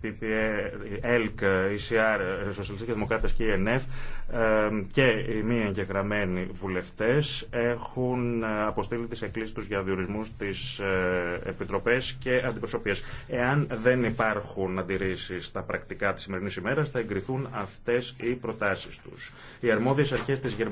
ΠΠΕ, ΕΛΚ, ECR, Σοσιαλιστές και Δημοκράτες και e ΕΝΕΦ και οι μη εγγεγραμμένοι βουλευτές έχουν αποστείλει τις εκκλήσεις τους για διορισμού της ε, επιτροπές και Αντιπροσωπίας. Εάν δεν υπάρχουν αντιρρήσεις στα πρακτικά της σημερινής ημέρας θα εγκριθούν αυτές οι προτάσεις τους. Οι αρμόδιες αρχές της